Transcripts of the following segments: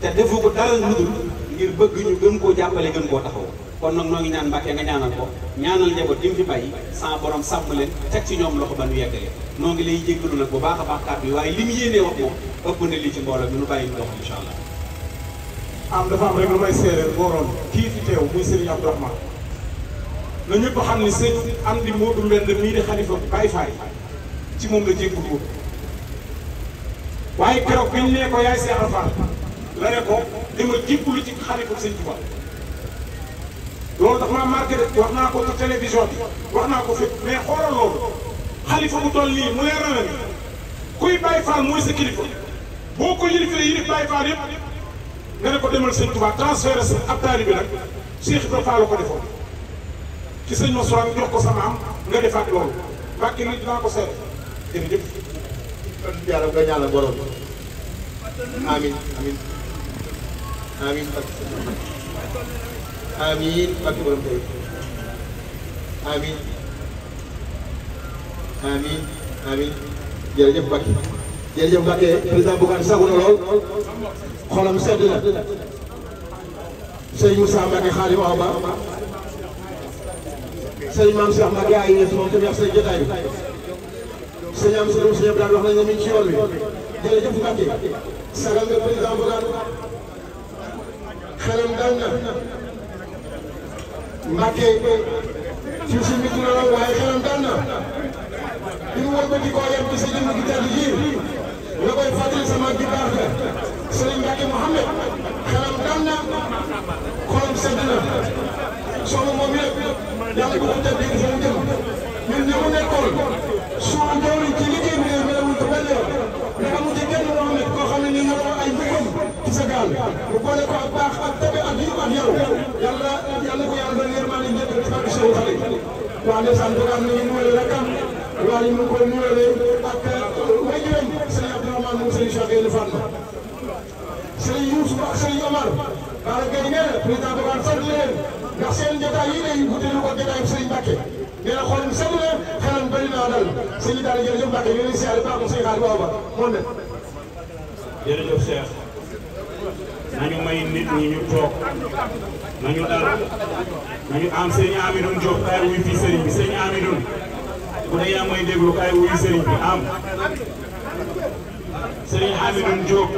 te defu ko dara lu ngir bëgg ñu gën koo jàppale gën koo taxaw kon nag noo ngi ñaan Mbàkke nga ñaanal ko ñaanal njaboot gi mu fi bàyyi sans borom sàmm leen teg ci ñoom loxo ba nu yeggale noo ngi lay jéggalu nag bu baax a baax kàddu yi waaye li mu yéenee wax moom ëpp na li ci mbooloo bi nu bàyyi ñu dox incha allah. am dafa am rek lu may séeréer booroon kii fi teew muy Serigne Abdourahmane na ñëpp xam ni sëñ am di Modou Mbend mii di xalifa Baye Faye ci moom la jéggul woon waaye keroog la ne ko dama jébbalu ci xalifa sëñ Tuubaa loolu dafa maa marqué rek wax naa ko ci télévision bi wax naa ko fépp mais xoolal loolu xalifa mu toll nii mu leer na ni kuy Baay Faal mooy sa kilifa boo ko yilifee yilif Baay Faal yëpp nga ne ko demal sëñ Tuubaa transféré sa ab taalibe bi nag Cheikh Ibrahima Fall ko defoon ci sëñ ma soxla jox ko sama am nga defaat loolu mbàkki nit dinaa ko seere jërëjëf. kon yàlla nga ñaanal borom amin amin amiin amiin ak borom tey amiin amiin amiin jërëjëf Mbacke jërëjëf Mbacke président Bougane sagu na lool xolam sedd na sëñ Moussa Mbacke Xaadim Awa Ba sëñ Maam Cheikh Mbacke ay yées moom tamit ak sëñ jotaay bi sëñ am sëñ Moussa Diop daal wax nañ ne mi ngi ci yoon wi jërëjëf Mbacke sagal nga président Bougane xelam dal na Mbacke suuf si nit na lool waaye xelam dal na li mu wëlbati koo yem ci sa jëmm gi tedd ji la koy fàttali sama gi baax la Serigne Mbacke Mouhamed xelam dal na. koy nurale ak waajuram sëriñ Abdourahmane moom sëriñ Cheikh Gaïndé Fatma sëriñ Youssouf ak sëriñ Omar Bara Gaye nee leen ndax seen jotaay yi day wute na ko jotaay sëriñ Mbacke nee na xolam sell na xelam bëri naa dal sëñ daal di jërëjëf Mbacke ñu ngi si yàlla baax na sëñ xaalis waaw ba fii sëriñ bi sëñ ku ne yaa may déglu kaay wuyu sëriñ am sëriñ Hamidou Diop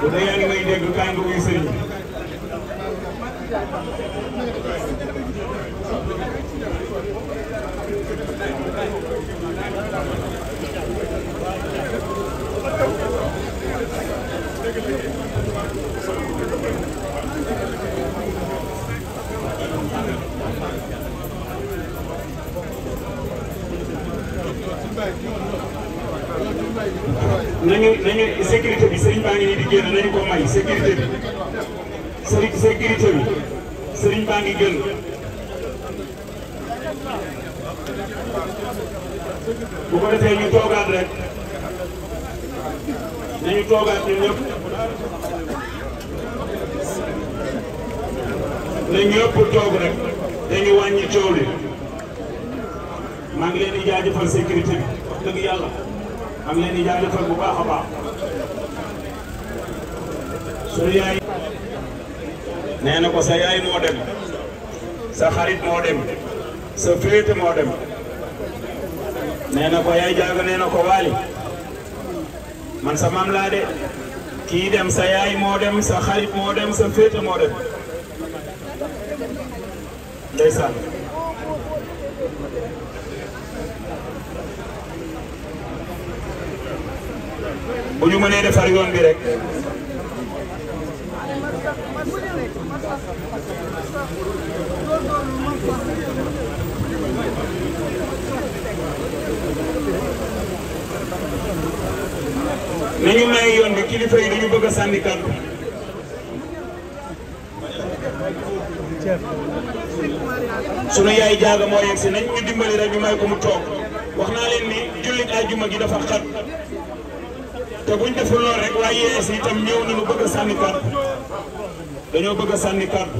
ku ne yaa ngi may déglu kaay nga wuyu sëriñ nañu nañu sécurité bi sëriñ baa ngi nii di génn nañu ko may sécurité bi sëriñ sécurité bi sëriñ baa ngi génn. bu ko defee ñu toogaat rek nañu toogaat ñun ñëpp nañ ñëpp toog rek dañu wàññi coow li maa ngi leen di jaajëfal maa ngi leen di jaajëfal bu baax a baax na ko sa yaay moo dem sa xarit moo dem sa féete moo dem nee na ko yaay jaaga nee na ko waali man sa mam laa de kii dem sa yaay moo dem sa xarit moo dem sa féete moo dem bu ñu mënee defar yoon bi rek nañu may yoon bi kilifa yi dañu bëgg a sànni kàddu sunu yaay jaaga moo yegg si ñu dimbali rek ñu may ko wax naa leen ni jullit àjjuma gi dafa xat te buñ deful lool rek waaye yees itam ñëw nañu bëgg a sànni dañoo bëgg a sànni carte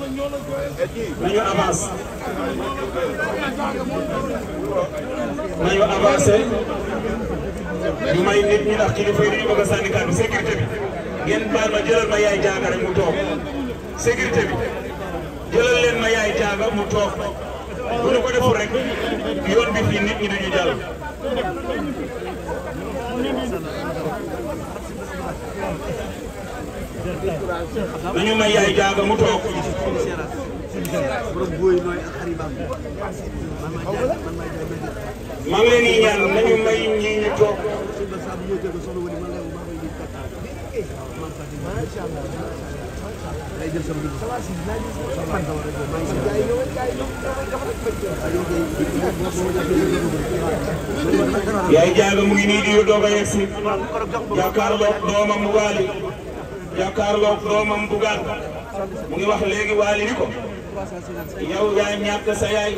nañu avancé nañu avancé ñu may nit ñi ndax kilifa yi dañu bëgg a sànni carte sécurité bi ngeen baal ma jëlal ma yaay jaaga rek mu toog sécurité bi jëlal leen ma yaay jaaga mu toog bu ñu ko deful rek yoon bi fii nit ñi dañu jàll. dañu may yaay jaaga mu toog. maa ngi leen di ñaan nañu may ñii ñu toog. day jël sama dugub sama si dinaa jël sama fan la war a jël. man gars yi ñëw gars yi ñëw mu ngi nii di doog a yegsi. jàkkaarloog doomam waali. jàkkaarloog bugaan. mu ngi wax léegi waali ni ko. yow yaa ñàkk sa yaay.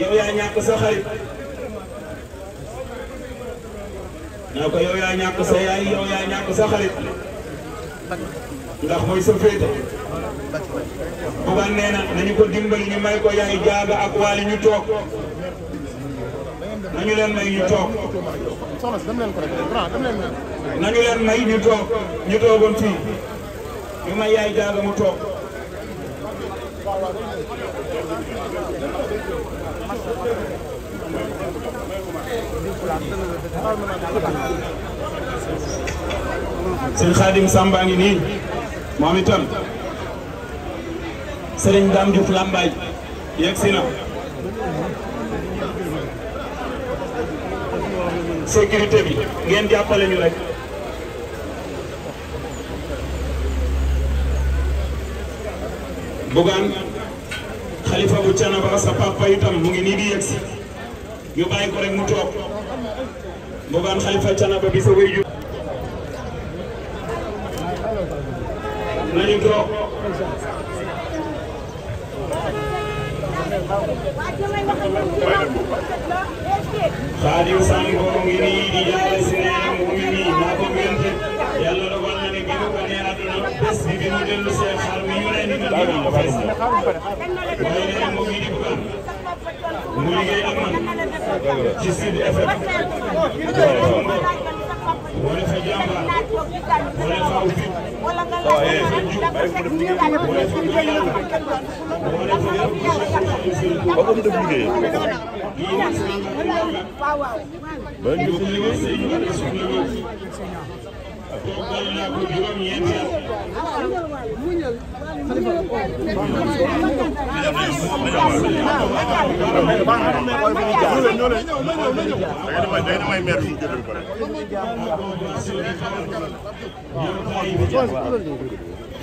yow yaa ñàkk sa xarit. ko yow yaa ñàkk sa yaay ndax mooy sa féete bugaan nee na nañu ko dimbali ñu may ko yaay jaaga ak waali ñu toog nañu leen may ñu toog nañu leen may ñu toog ñu toogoon fii ñu may yaay jaaga mu toog sëñ Xaadim Samba moom itam Serigne Dame Diouf Lambaye yegg si na. sécurité bi ngeen jàppale ñu rek. Bougane xalifa bu Thiénaba sa papa itam mu ngi nii di yegg si ñu bàyyi ko rek mu toog Bougane bi sa wéy nañu toog Sadio Sango ngi nii di jàngale si neeram mu ngi nii maa ko gënte yàlla dogal na ne bi mu gënee àdduna bés bi bi mu dellu see xar mi ñu rendi na bi mu fes waaye nee mu ngi di bugaan mu liggéey ak man ci Sud FM ba mu def liggéey ba ñu def liggéey Thank you.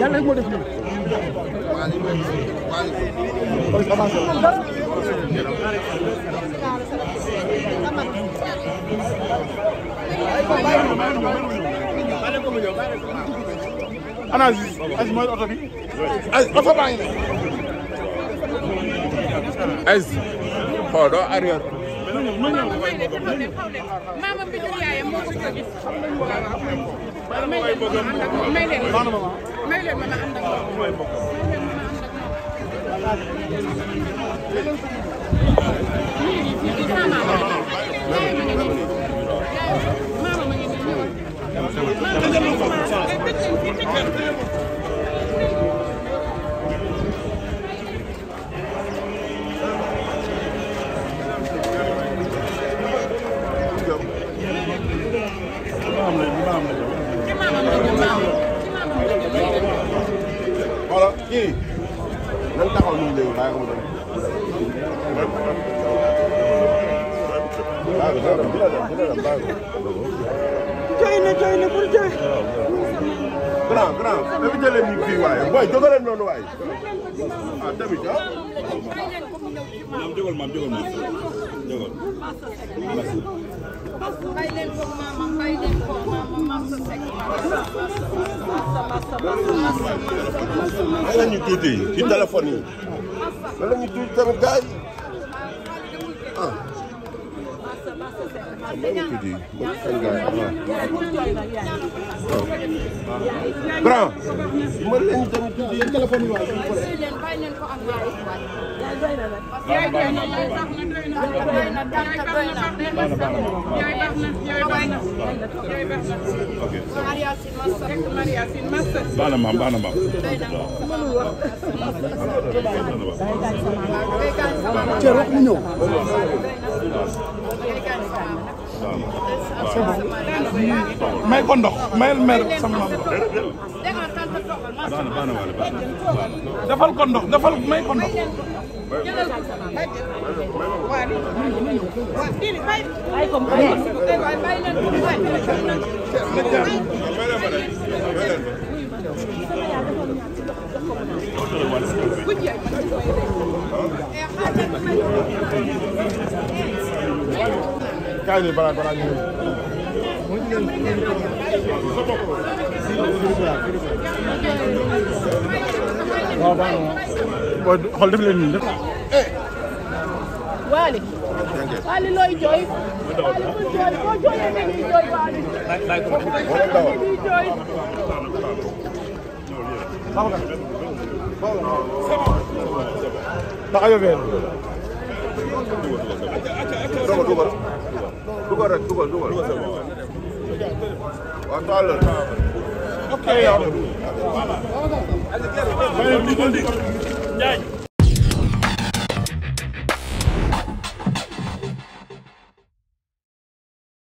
yàlla rek moo def lii. analyse as mooy oto bi as oto baa ngi ne as xool doo arrière maamam bi jur yaayam moo ko gis. may leen ma ànd ak moom may leen ma ànd ak moom may leen ma ànd ak moom. maama ma ngi nii jooy na jooy na pour jooy. grand grand dama jëlee nii fii waaye booy jógaleen noonu waaye. ah tamit ah. maam jógal maam jógal maam jógal. bàyyi leen ko maam bàyyi leen ko maam maam sa sec. lan la ñu tuuti ci téléphone yi. lan la ñu tuuti tamit gars yi ah. di grand mën nañu dem tuddi téléphone yi waay baax na maam baax na maam cër rek mu ñëw may ko ndox mayal mer ndox. defal ko ndox defal kaay bi balaa balaa ñu waaw baax na xool def leen nii def. Waly. Waly looy jooy. Waly looy jooy boo jooyee ne nii jooy Waly. boo jooyee ne nii jooy. dugal dugal dugal rek dugal dugal waaw